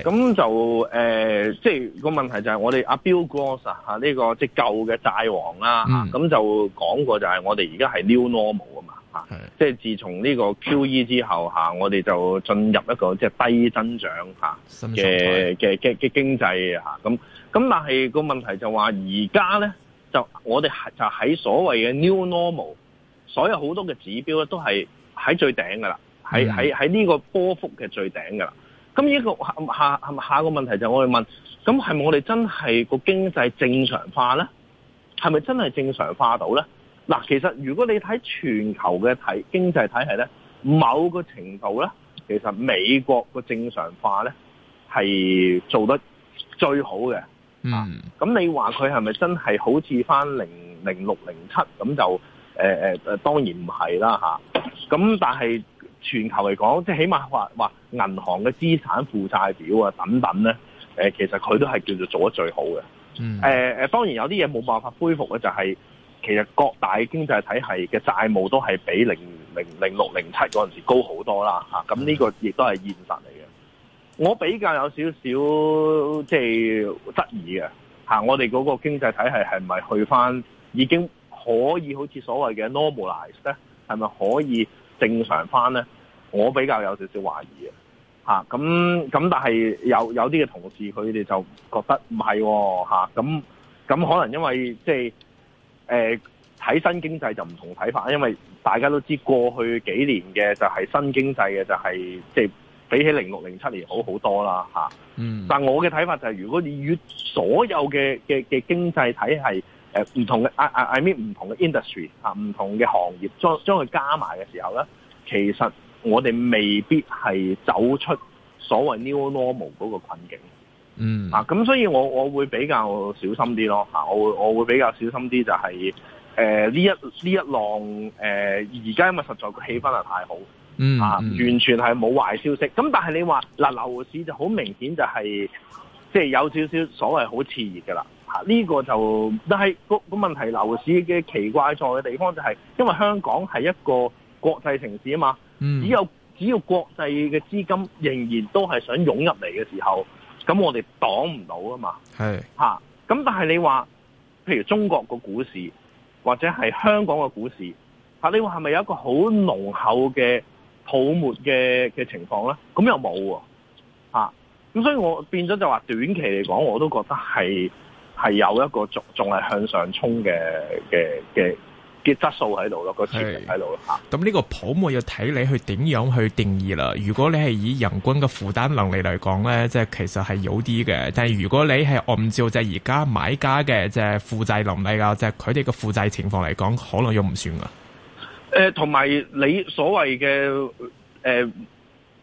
咁就誒、呃，即係個問題就係我哋阿 Bill Gross 啊，呢、這個即係舊嘅債王啦，咁、啊嗯、就講過就係我哋而家係 new normal 啊嘛，是即係自從呢個 QE 之後、啊、我哋就進入一個即係低增長嘅嘅嘅嘅經濟咁咁、啊、但係個問題就話而家咧，就我哋就喺所謂嘅 new normal，所有好多嘅指標咧都係喺最頂噶啦，喺喺喺呢個波幅嘅最頂噶啦。咁呢個下下，下個問題就我哋問，咁係咪我哋真係個經濟正常化咧？係咪真係正常化到咧？嗱，其實如果你睇全球嘅體經濟體系咧，某個程度咧，其實美國個正常化咧係做得最好嘅。嗯、mm。咁、hmm. 你話佢係咪真係好似翻零零六零七咁就、呃、當然唔係啦吓，咁、啊、但係。全球嚟講，即係起碼話話銀行嘅資產負債表啊等等咧，誒其實佢都係叫做做得最好嘅。誒誒、嗯，當然有啲嘢冇辦法恢復嘅，就係、是、其實各大經濟體系嘅債務都係比零零零六零七嗰陣時高好多啦嚇。咁呢個亦都係現實嚟嘅。我比較有少少即係質疑嘅嚇，我哋嗰個經濟體系係咪去翻已經可以好似所謂嘅 normalize 咧？係咪可以？正常翻咧，我比較有少少懷疑啊！嚇咁咁，但係有有啲嘅同事佢哋就覺得唔係喎嚇，咁咁，可能因為即係誒睇新經濟就唔同睇法，因為大家都知道過去幾年嘅就係新經濟嘅就係即係比起零六零七年好好多啦嚇。嗯，但我嘅睇法就係如果你與所有嘅嘅嘅經濟體系。誒，唔、呃、同嘅啊啊，I mean 唔同嘅 industry 啊，唔同嘅行業，將將佢加埋嘅時候咧，其實我哋未必係走出所謂 new normal 嗰個困境。嗯啊，咁所以我我會比較小心啲咯，吓、啊，我會我會比較小心啲、就是，就係誒呢一呢一浪誒而家，呃、現在因為實在個氣氛係太好，嗯，嗯啊，完全係冇壞消息。咁但係你話嗱樓市就好明顯就係即係有少少所謂好熾熱噶啦。呢個就但係個個問題，樓市嘅奇怪在嘅地方就係、是，因為香港係一個國際城市啊嘛。嗯、只有只要國際嘅資金仍然都係想湧入嚟嘅時候，咁我哋擋唔到啊嘛。係嚇咁，啊、但係你話譬如中國個股市或者係香港個股市嚇、啊，你話係咪有一個好濃厚嘅泡沫嘅嘅情況咧？咁又冇啊咁，啊所以我變咗就話短期嚟講，我都覺得係。係有一個仲仲係向上衝嘅嘅嘅嘅質素喺度咯，是個潛力喺度咯吓。咁呢個泡沫要睇你去點樣去定義啦。如果你係以人均嘅負擔能力嚟講咧，即係其實係有啲嘅。但係如果你係按照即係而家買家嘅即係負債能力啊，即係佢哋嘅負債情況嚟講，可能又唔算啊。誒、呃，同埋你所謂嘅誒，嗰、呃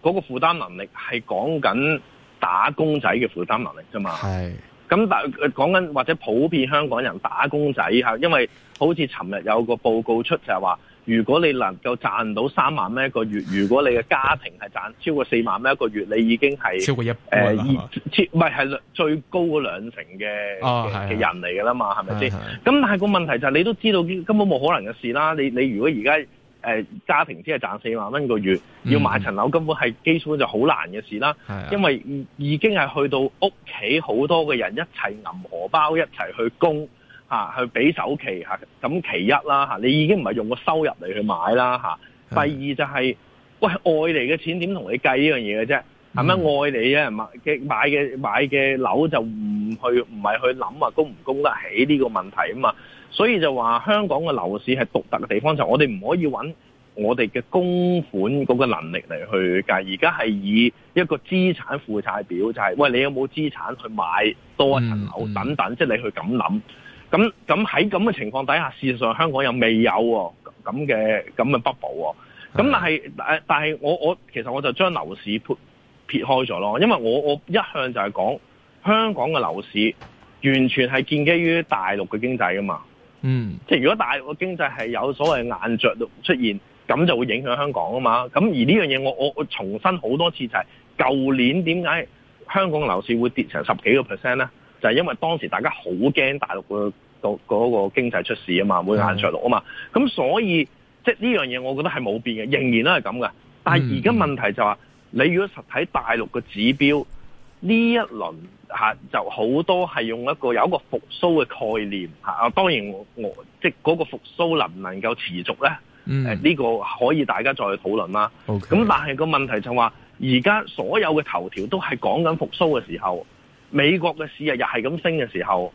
那個負擔能力係講緊打工仔嘅負擔能力啫嘛，係。咁但係講緊或者普遍香港人打工仔嚇，因為好似尋日有個報告出就係話，如果你能夠賺到三萬蚊一個月，如果你嘅家庭係賺超過四萬蚊一個月，你已經係超過一誒、呃、嗎超唔係係最高兩成嘅嘅人嚟㗎啦嘛，係咪先？咁、啊啊啊、但係個問題就係、是、你都知道根本冇可能嘅事啦。你你如果而家誒家庭只係賺四萬蚊個月，嗯、要買層樓根本係基本就好難嘅事啦。啊、因為已經係去到屋企好多嘅人一齊揼荷包一齊去供嚇、啊，去俾首期嚇。咁、啊、其一啦嚇、啊，你已經唔係用個收入嚟去買啦嚇。啊是啊、第二就係、是、喂外嚟嘅錢點同你計這呢樣嘢嘅啫？係咪、嗯、外嚟嘅買嘅買嘅買嘅樓就唔去唔係去諗啊供唔供得起呢個問題啊嘛？所以就話香港嘅樓市係獨特嘅地方就是、我哋唔可以揾我哋嘅供款嗰個能力嚟去計，而家係以一個資產負債表就係、是、喂你有冇資產去買多一層樓、嗯、等等，即、就、係、是、你去咁諗。咁咁喺咁嘅情況底下，事實上香港又未有咁嘅咁嘅 bubble 喎。咁、哦、但係、嗯、但係我我其實我就將樓市撇撇開咗咯，因為我我一向就係講香港嘅樓市完全係建基於大陸嘅經濟㗎嘛。嗯，即係如果大陸嘅經濟係有所謂硬着陸出現，咁就會影響香港啊嘛。咁而呢樣嘢我我我重申好多次就係，舊年點解香港樓市會跌成十幾個 percent 咧？就係、是、因為當時大家好驚大陸嘅嗰嗰個經濟出事啊嘛，會硬着陸啊嘛。咁、嗯、所以即係呢樣嘢，我覺得係冇變嘅，仍然都係咁嘅。但係而家問題就係話、是，你如果實體大陸嘅指標，呢一輪、啊、就好多係用一個有一個復甦嘅概念啊，當然我，我即係嗰個復甦能唔能夠持續咧？誒呢、嗯啊呢個可以大家再去討論啦。咁 Okay. 但係個問題就話，而家所有嘅頭條都係講緊復甦嘅時候，美國嘅市日日係咁升嘅時候，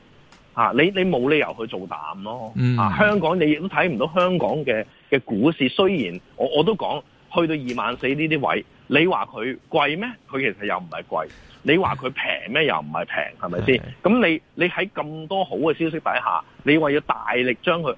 啊、你你冇理由去做淡咯。嗯、啊香港你亦都睇唔到香港嘅嘅股市，雖然我我都講去到二萬四呢啲位。你話佢貴咩？佢其實又唔係貴。你話佢平咩？又唔係平，係咪先？咁的你你喺咁多好嘅消息底下，你話要大力將佢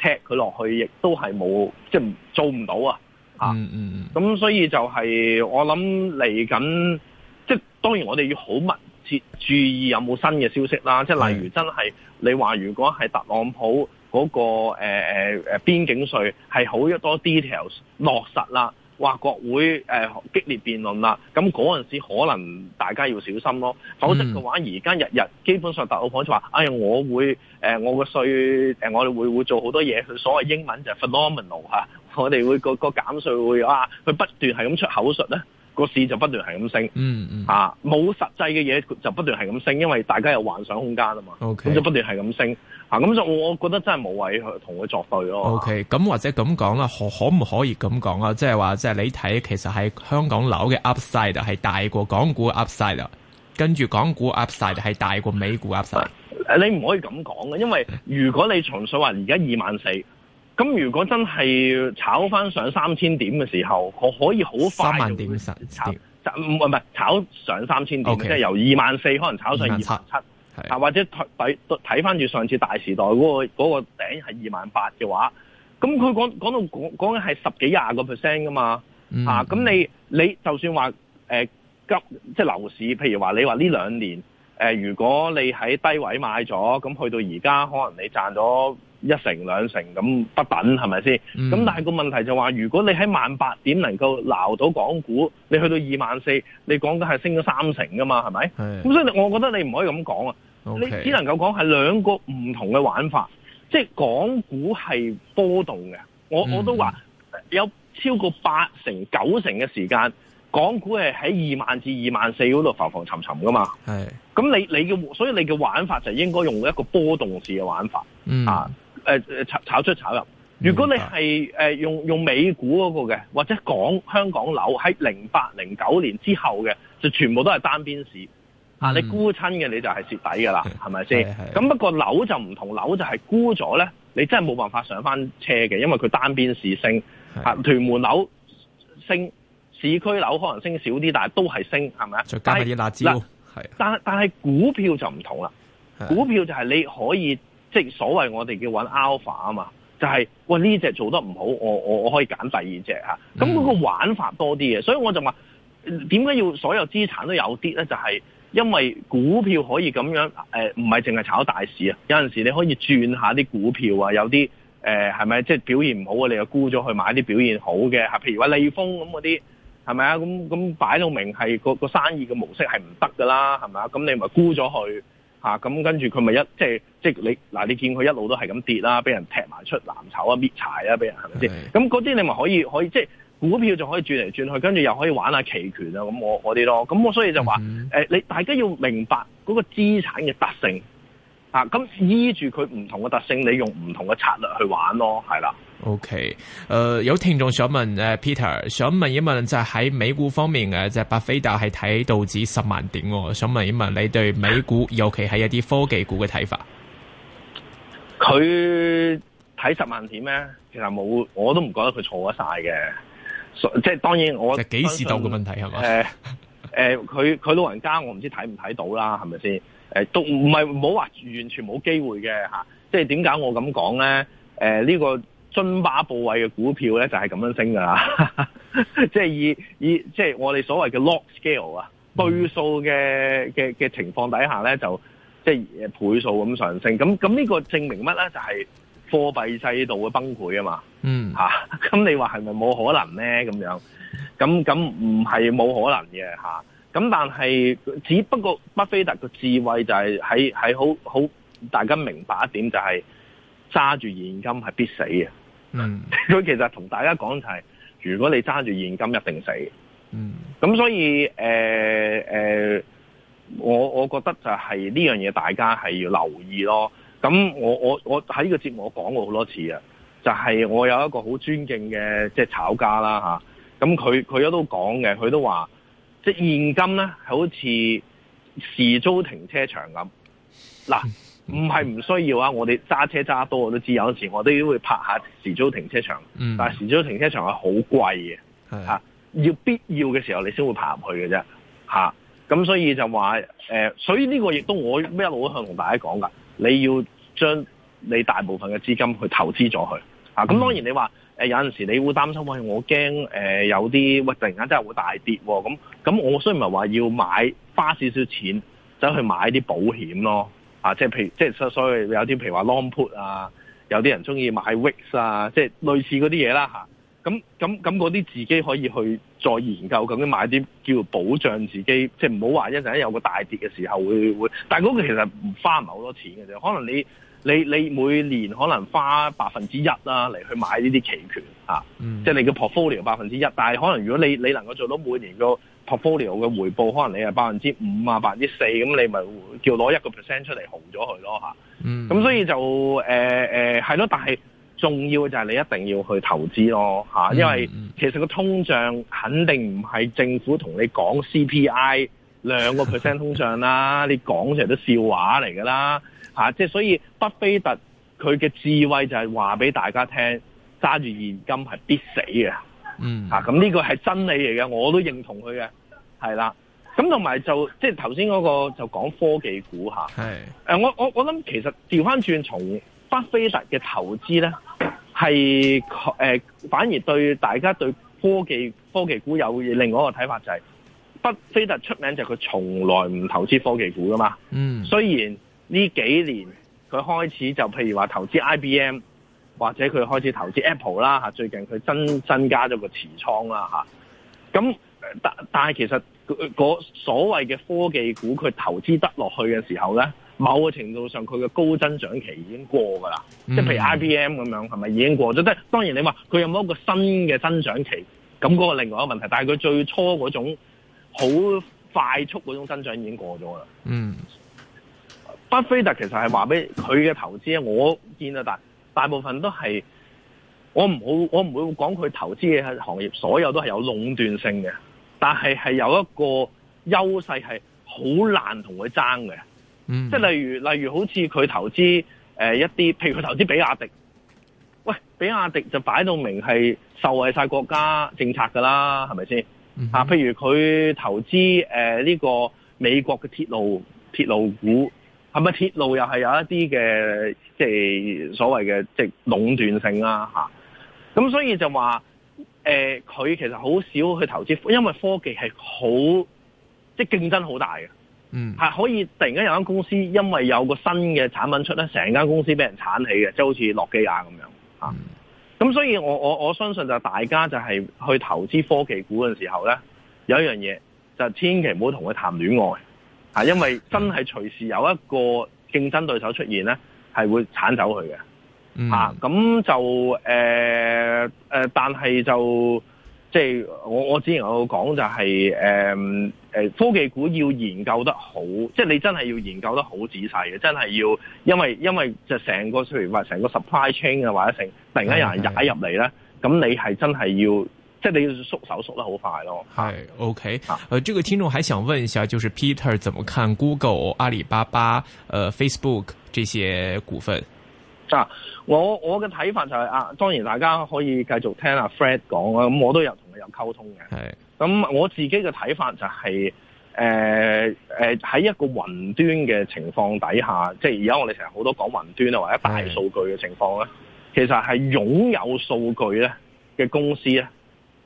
踢佢落去，亦都係冇即係做唔到啊！啊，嗯嗯咁所以就係、是、我諗嚟緊，即係當然我哋要好密切注意有冇新嘅消息啦。即係的例如真係你話，如果係特朗普嗰個誒誒誒邊境稅係好多 details 落實啦。話國會、呃、激烈辯論啦，咁嗰陣時可能大家要小心咯，否則嘅話，而家日日基本上特朗普就話：，哎呀，我會、呃、我個稅、呃、我哋會會做好多嘢，佢所謂英文就係 phenomenal、啊、我哋會個,個減稅會啊，佢不斷係咁出口術咧。個市就不斷係咁升，冇、嗯嗯啊、實際嘅嘢就不斷係咁升，因為大家有幻想空間啊嘛，咁 Okay. 就不斷係咁升，嚇、啊、咁就我覺得真係冇謂同佢作對咯。OK，咁或者咁講啦，可可唔可以咁講啊？即係話即係你睇，其實喺香港樓嘅 Upside 係大過港股 Upside 啦，跟住港股 Upside 係大過美股 Upside。 你唔可以咁講嘅，因為如果你純粹話而家二萬四。咁如果真係炒翻上三千點嘅時候，我可以好快就會炒，唔唔唔係炒上三千點，okay, 即係由二萬四可能炒上二萬七，啊或者睇翻住上次大時代嗰個嗰個頂係二萬八嘅話，咁佢講講到講講緊係十幾廿個 percent 㗎嘛，嗯、啊咁你你就算話急、呃、即係樓市，譬如話你話呢兩年、呃、如果你喺低位買咗，咁去到而家可能你賺咗。一成兩成咁不等係咪先？咁、嗯、但係個問題就話、是，如果你喺萬八點能夠撈到港股，你去到二萬四，你講緊係升咗三成㗎嘛？係咪？係是。咁所以，我覺得你唔可以咁講啊。Okay, 你只能夠講係兩個唔同嘅玩法，即係港股係波動嘅。我、嗯、我都話有超過八成九成嘅時間，港股係喺二萬至二萬四嗰度浮浮沉沉㗎嘛。係是。咁你你嘅所以你嘅玩法就應該用一個波動式嘅玩法。嗯。啊。誒誒炒炒出炒入，如果你係誒用用美股嗰個嘅，或者港香港樓喺零八零九年之後嘅，就全部都係單邊市，啊、嗯、你沽親嘅你就係蝕底噶啦，係咪先？咁 不過樓就唔同，樓就係沽咗咧，你真係冇辦法上返車嘅，因為佢單邊市升，啊的屯門樓升，市區樓可能升少啲，但係都係升，係咪啊？再加啲辣椒，係是的，但係但係股票就唔同啦，是的股票就係你可以。即係所謂我哋叫揾 alpha 啊嘛，就係、是、喂，呢隻做得唔好，我我我可以揀第二隻咁嗰、嗯、個玩法多啲嘅，所以我就話點解要所有資產都有啲咧？就係、是、因為股票可以咁樣，誒，唔係淨係炒大市啊。有陣時你可以轉下啲股票啊，有啲誒係咪即係表現唔好啊？你又沽咗去買啲表現好嘅嚇。譬如話利豐咁嗰啲係咪啊？咁咁擺到明係個生意嘅模式係唔得噶啦，係咪啊？咁你咪沽咗去。咁、啊、跟住佢咪一即係即係你嗱，你見佢一路都係咁跌啦，俾人踢埋出藍籌啊，搣柴啊，俾人係咪先？咁嗰啲你咪可以可以即係股票就可以轉嚟轉去，跟住又可以玩下期權啊，咁我啲咯。咁我所以就話你 大家要明白嗰個資產嘅特性啊，咁依住佢唔同嘅特性，你用唔同嘅策略去玩咯，係啦。O K，誒，okay. uh, 有聽眾想問誒，Peter 想問一問，就喺美股方面嘅，就係、是、巴菲特係睇道指十萬點、哦，想問一問你對美股，尤其係一啲科技股嘅睇法。佢睇十萬點咧，其實冇，我都唔覺得佢錯咗晒嘅，即係當然我幾時到嘅問題係嘛？誒 誒、呃，佢、呃、佢老人家，我唔知睇唔睇到啦，係咪先？誒、呃，都唔係唔好話完全冇機會嘅吓、啊，即係點解我咁講咧？誒、呃，呢、這個。津巴布韋嘅股票咧就係、是、咁樣升㗎啦，即 係以以即係、就是、我哋所謂嘅 log scale 啊，就是、倍數嘅嘅嘅情況底下咧就即係倍數咁上升，咁咁呢個證明乜咧？就係、是、貨幣制度嘅崩潰啊嘛，嗯咁 你話係咪冇可能咧？咁樣，咁咁唔係冇可能嘅嚇，咁、啊、但係只不過巴菲特嘅智慧就係喺喺好好，大家明白一點就係揸住現金係必死嘅。嗯，佢 其實同大家講就係，如果你揸住現金一定死的。嗯，咁所以誒誒、呃呃，我我覺得就係呢樣嘢，大家係要留意咯。咁我我我喺呢個節目我講過好多次啊，就係、是、我有一個好尊敬嘅即係炒家啦嚇，咁佢佢都講嘅，佢都話即係現金呢係好似時租停車場咁嗱。 唔係唔需要啊，我哋揸車揸多，我都知有陣時我都會拍下時租停車場，嗯、但係時租停車場係好貴嘅吓。要必要嘅時候，你先會爬入去嘅啫吓。咁、啊、所以就話誒、呃，所以呢個亦都我一路都向同大家講噶，你要將你大部分嘅資金去投資咗去咁、啊、當然你話誒、呃，有陣時你會擔心喂，我驚誒、呃、有啲喂、呃、突然間真係會大跌咁咁，啊、我雖然唔係話要買花少少錢走去買啲保險咯。啊，即係譬，譬如，即係所所謂有啲譬如話 long put 啊，有啲人中意買 w i n s 啊，即係類似嗰啲嘢啦嚇。咁咁咁嗰啲自己可以去再研究，究竟買啲叫保障自己，即係唔好話一陣間有個大跌嘅時候會會。但嗰個其實唔花唔係好多錢嘅啫，可能你你你每年可能花百分之一啦嚟去買呢啲期權，啊嗯、即係你嘅 portfolio 百分之一。但係可能如果你你能夠做到每年個 portfolio 嘅回報可能你係百分之五啊，百分之四，咁、啊、你咪叫攞一個 percent 出嚟紅咗佢咯嚇。咁、嗯、所以就誒誒係咯，但係重要嘅就係你一定要去投資咯嚇，因為其實個通脹肯定唔係政府同你講 CPI 兩個 percent 通脹啦， 你講成啲笑話嚟㗎啦嚇。即、啊、係所以畢菲特佢嘅智慧就係話俾大家聽，揸住現金係必死嘅。嗯，吓咁呢個係真理嚟嘅，我都認同佢嘅，係啦。咁同埋就即係頭先嗰個就講科技股吓，係的。誒、呃，我我我諗其實調翻轉從巴菲特嘅投資咧，係誒、呃、反而對大家對科技科技股有另外一個睇法，就係巴菲特出名就佢從來唔投資科技股噶嘛。嗯。雖然呢幾年佢開始就譬如話投資 IBM。或者佢開始投資 Apple 啦吓，最近佢增增加咗個持倉啦吓。咁但但係其實嗰所謂嘅科技股，佢投資得落去嘅時候咧，某個程度上佢嘅高增長期已經過噶啦。即係譬如 IBM 咁樣，係咪已經過咗？即係、嗯、當然你話佢有冇一個新嘅增長期？咁嗰個另外一個問題。但係佢最初嗰種好快速嗰種增長已經過咗啦。嗯，巴菲特其實係話俾佢嘅投資，我見到。但。大部分都係我唔好，我唔會講佢投資嘅行業，所有都係有壟斷性嘅。但係係有一個優勢係好難同佢爭嘅，嗯、即係例如，例如好似佢投資、呃、一啲，譬如佢投資比亞迪，喂，比亞迪就擺到明係受惠曬國家政策㗎啦，係咪先？嗯、啊，譬如佢投資呢、呃呢個美國嘅鐵路鐵路股。係咪鐵路又係有一啲嘅，即係所謂嘅即係壟斷性啦、啊、嚇。咁、啊、所以就話，誒、呃、佢其實好少去投資，因為科技係好即係競爭好大嘅，嗯，係可以突然間有間公司因為有個新嘅產品出咧，成間公司俾人鏟起嘅，即係好似諾基亞咁樣啊。咁所以我我我相信就大家就係去投資科技股嘅時候咧，有一樣嘢就千祈唔好同佢談戀愛。嚇，因為真係隨時有一個競爭對手出現咧，係會鏟走佢嘅。咁、嗯啊、就誒、呃呃、但係就即係我我之前我講就係、是、誒、呃呃、科技股要研究得好，即係你真係要研究得好仔細嘅，真係要，因為因為就成個譬如話成個 supply chain 啊或者成突然間有人踩入嚟咧，咁對你係真係要。即係你要縮手縮得好快咯。係 Hey，OK、啊。誒，這個聽眾還想問一下，就是 Peter 怎麼看 Google、啊、Google、阿里巴巴、誒、呃、Facebook 這些股份？啊，我我嘅睇法就係、是、啊，當然大家可以繼續聽阿、啊、Fred 講啊，咁、嗯、我都有同佢有溝通嘅。係 Hey.、嗯。咁我自己嘅睇法就係、是，誒誒喺一個雲端嘅情況底下，即係而家我哋成日好多講雲端啊或者大數據嘅情況咧，Hey. 其實係擁有數據咧嘅公司咧。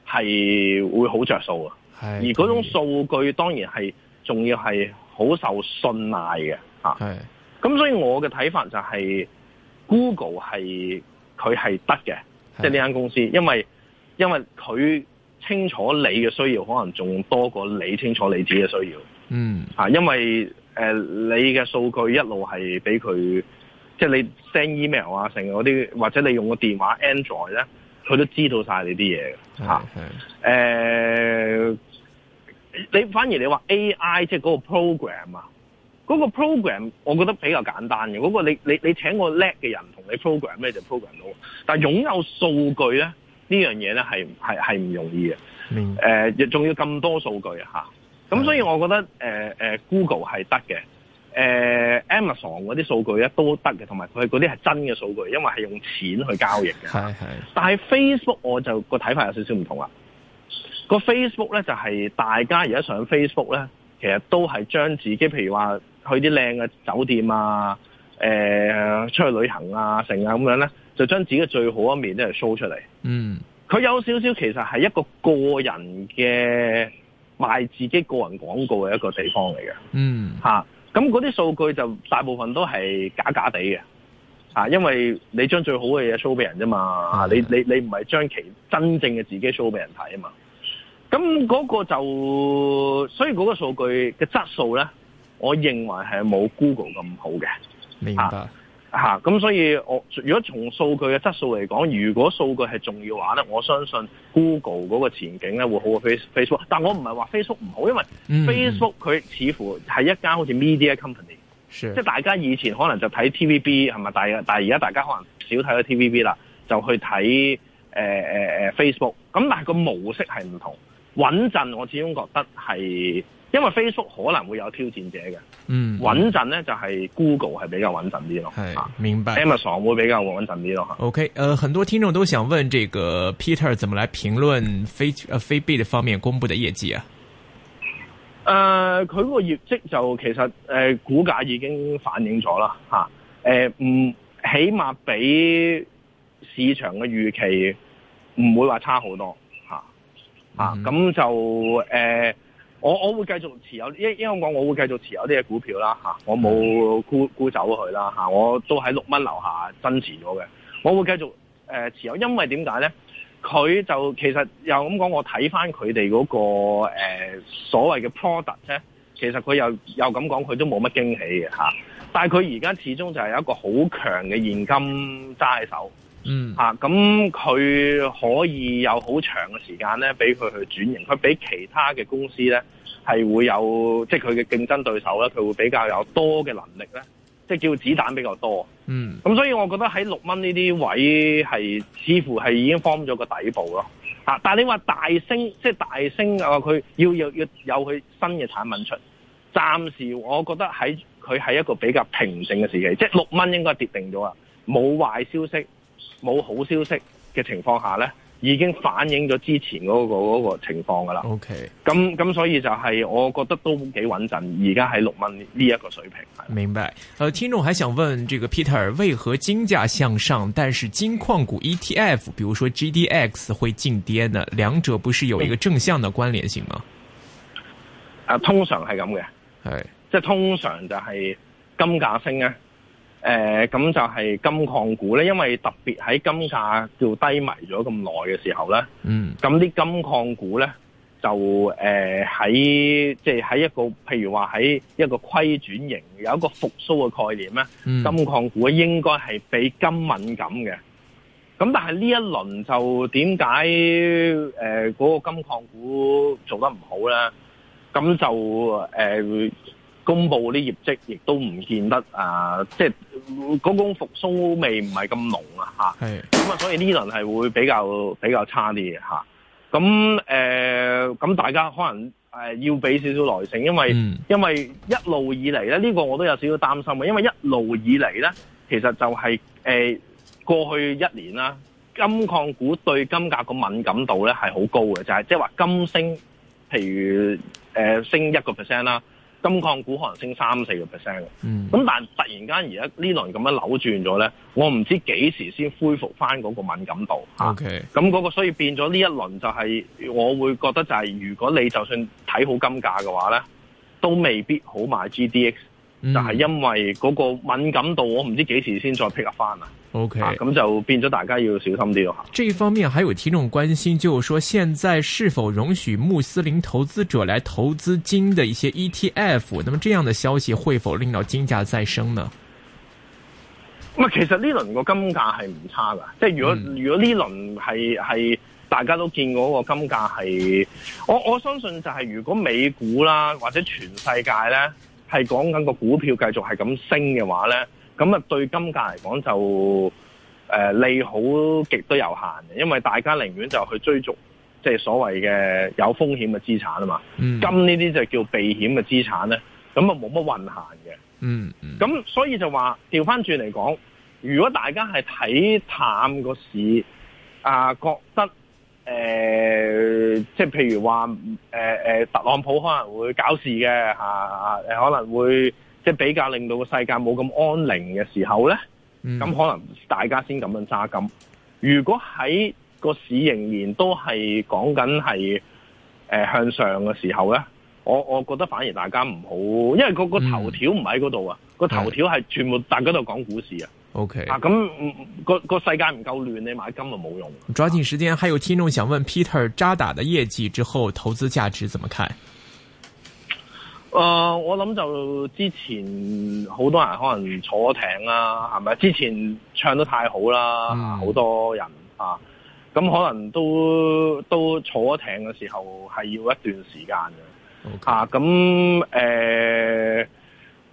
係會好着數嘅，是而嗰種數據當然係仲要係好受信賴嘅，吓是。咁、啊、所以我嘅睇法就係 Google 係佢係得嘅，是的是即係呢間公司，因為因為佢清楚你嘅需要，可能仲多過你清楚你自己嘅需要。嗯、吓、啊，因為誒、呃、你嘅數據一路係俾佢，即係你 send email 啊，成嗰啲，或者你用個電話 Android 咧。佢都知道曬是、呃、你啲嘢嘅，你反而你話 AI 即係嗰個 program 啊，嗰個 program 我覺得比較簡單嘅，嗰、嗰個你你你請我叻嘅人同你 program 咩就 program 到，但係擁有數據咧呢樣嘢咧係唔容易嘅，仲明白、呃、要咁多數據嚇，咁、呃、所以我覺得、呃呃、Google 係得嘅。呃、Amazon 嗰啲數據咧都得嘅，同埋佢嗰啲係真嘅數據，因為係用錢去交易嘅。係、係但係 Facebook 我就個睇法有少少唔同啦。個 Facebook 咧就係、係，大家而家上 Facebook 咧，其實都係將自己，譬如話去啲靚嘅酒店啊、誒、呃、出去旅行啊、成啊咁樣咧，就將自己最好一面咧係 show 出嚟。嗯。佢有少少其實係一個個人嘅賣自己個人廣告嘅一個地方嚟嘅。嗯。吓咁嗰啲數據就大部分都係假假地嘅，啊，因為你將最好嘅嘢 show 俾人啫嘛，啊的，你你你唔係將其真正嘅自己 show 俾人睇啊嘛，咁嗰個就，所以嗰個數據嘅質素咧，我認為係冇 Google 咁好嘅，明白。啊咁、啊、所以我如果從數據嘅質素嚟講，如果數據係重要嘅話咧，我相信 Google 嗰個前景咧會好過 Face Facebook。但我唔係話 Facebook 唔好，因為 Facebook 佢似乎係一間好似 media company，嗯嗯即係大家以前可能就睇 TVB 係咪？但但而家大家可能少睇咗 TVB 啦，就去睇、呃呃、Facebook。咁但係個模式係唔同，穩陣我始終覺得係。因為 Facebook 可能會有挑戰者嘅，嗯，穩陣咧就係 Google 係比較穩陣啲咯，是啊、明白。Amazon 會比較穩陣啲咯。OK，呃，很多聽眾都想問這個 Peter 怎麼來評論非呃非 Bit 方面公布的業績啊？誒、呃，佢個業績就其實誒、呃、股價已經反映咗啦，唔、啊呃、起碼比市場嘅預期唔會話差好多，嚇、啊，咁、嗯啊、就誒。呃我我會繼續持有，因因為講，我會繼續持有呢隻股票啦，吓，我冇沽沽走佢啦，吓，我都喺六蚊樓下增持咗嘅，我會繼續誒持有，因為點解咧？佢就其實又咁講，我睇翻佢哋嗰個誒所謂嘅 product 咧，其實佢又又咁講，佢都冇乜驚喜嘅吓，但係佢而家始終就係一個好強嘅現金揸喺手。嗯，咁佢、啊、可以有好長嘅時間咧，俾佢去轉型。佢俾其他嘅公司咧，係會有即係佢嘅競爭對手咧，佢會比較有多嘅能力咧，即係叫子彈比較多。嗯，咁所以我覺得喺六蚊呢啲位係似乎係已經 form 咗個底部咯。吓、啊，但係你話大升即係大升啊！佢要要要有佢新嘅產品出，暫時我覺得喺佢係一個比較平靜嘅時期，即係六蚊應該跌定咗啊，冇壞消息。冇好消息嘅情況下呢，已經反映咗之前嗰個嗰個情況㗎喇。OK，咁咁所以就係我覺得都幾穩陣，而家係六蚊呢一個水平。明白。誒、呃，聽眾還想問，這個 Peter 為何金價向上，但是金礦股 E T F，比如說 G D X 會勁跌呢？兩者不是有一個正向的關聯性嗎？嗯啊、通常係咁嘅，誒 Hey.，即係通常就係金價升咧。誒，咁、呃、就係金礦股咧，因為特別喺金價叫低迷咗咁耐嘅時候咧，咁啲、嗯、金礦股咧就誒喺、呃、即係喺一個，譬如話喺一個虧轉型有一個復甦嘅概念咧，金礦股應該係比金敏感嘅。咁但係呢一輪就點解誒嗰個金礦股做得唔好咧？咁就誒。呃公布啲業績，亦都唔見得、啊、即係嗰種復甦味唔係咁濃啊！咁的啊，所以呢輪係會比較比較差啲嘅咁誒，咁、啊呃、大家可能、呃、要俾少少耐性，因為、嗯、因為一路以嚟咧，呢、呢個我都有少少擔心嘅，因為一路以嚟咧，其實就係、是、誒、呃、過去一年啦，金礦股對金價個敏感度咧係好高嘅，就係即係話金升，譬如誒、呃、升一個 percent 啦。金礦股可能升三四個 percent，咁但係突然間而家呢輪咁樣扭轉咗咧，我唔知幾時先恢復翻嗰個敏感度 Okay. 啊。咁嗰個所以變咗呢一輪就係，我會覺得就係如果你就算睇好金價嘅話咧，都未必好買 GDX，就係因為嗰個敏感度我唔知幾時先再 pick up 翻啊。O K，咁就變咗大家要小心啲咯。這一方面還有聽眾關心，就是說現在是否容許穆斯林投資者來投資金的一些 E T F？那麼這樣的消息會否令到金價再升呢？唔係，其實呢輪個金價係唔差噶，即係如果、嗯、如果呢輪係係大家都見過個金價係，我我相信就係如果美股啦或者全世界呢，係講緊個股票繼續係咁升嘅話呢。咁啊，對金價嚟講就誒、呃、利好極都有限嘅，因為大家寧願就去追逐即係所謂嘅有風險嘅資產啊嘛。嗯、金呢啲就叫避險嘅資產咧，咁啊冇乜運行嘅、嗯。嗯，咁所以就話調返轉嚟講，如果大家係睇淡個市啊、呃，覺得誒、呃，即係譬如話誒、呃呃、特朗普可能會搞事嘅、呃呃、可能會。即係比較令到個世界冇咁安寧嘅時候咧，咁可能大家先咁樣揸金。如果喺個市仍然都係講緊係誒向上嘅時候咧，我我覺得反而大家唔好，因為個個頭條唔喺嗰度啊，個、嗯、頭條係全部大家都講股市啊。O K 啊，咁個個世界唔夠亂，你買金就冇用。抓緊時間，還有聽眾想問 Peter 渣打嘅業績之後投資價值怎麼看？誒、呃，我諗就之前好多人可能坐咗艇啦，啊，係咪？之前唱得太好啦，好、嗯、多人啊，咁可能都都坐咗艇嘅時候係要一段時間嘅，吓咁誒，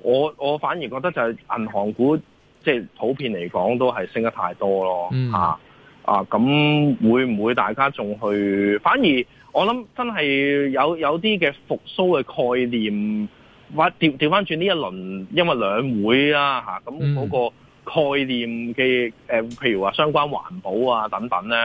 我我反而覺得就係銀行股，即係普遍嚟講都係升得太多咯，吓、嗯、啊，咁、啊、會唔會大家仲去反而？我諗真係有有啲嘅復甦嘅概念，或調返翻轉呢一輪，因為兩會啦，嚇，咁嗰個概念嘅、嗯、譬如話相關環保啊等等咧，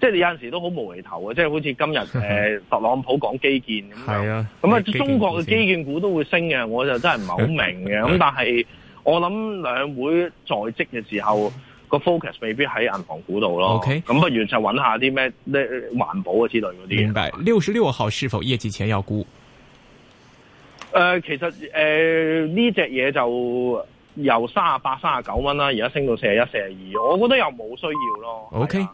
即係你有陣時都好無厘頭嘅，即係好似今日 特朗普講基建咁樣，咁啊中國嘅基建股都會升嘅，我就真係唔係好明嘅，咁 但係我諗兩會在職嘅時候。個 focus 未必喺銀行股度咯。O K，咁不如就搵下啲咩咧，環保啊之類嗰啲。明白。六十六號是否業績前要沽。誒、呃，其實誒呢隻嘢，就由三啊八、三啊九蚊啦，而家升到四十一、四十二，我覺得又冇需要咯。O K。Okay.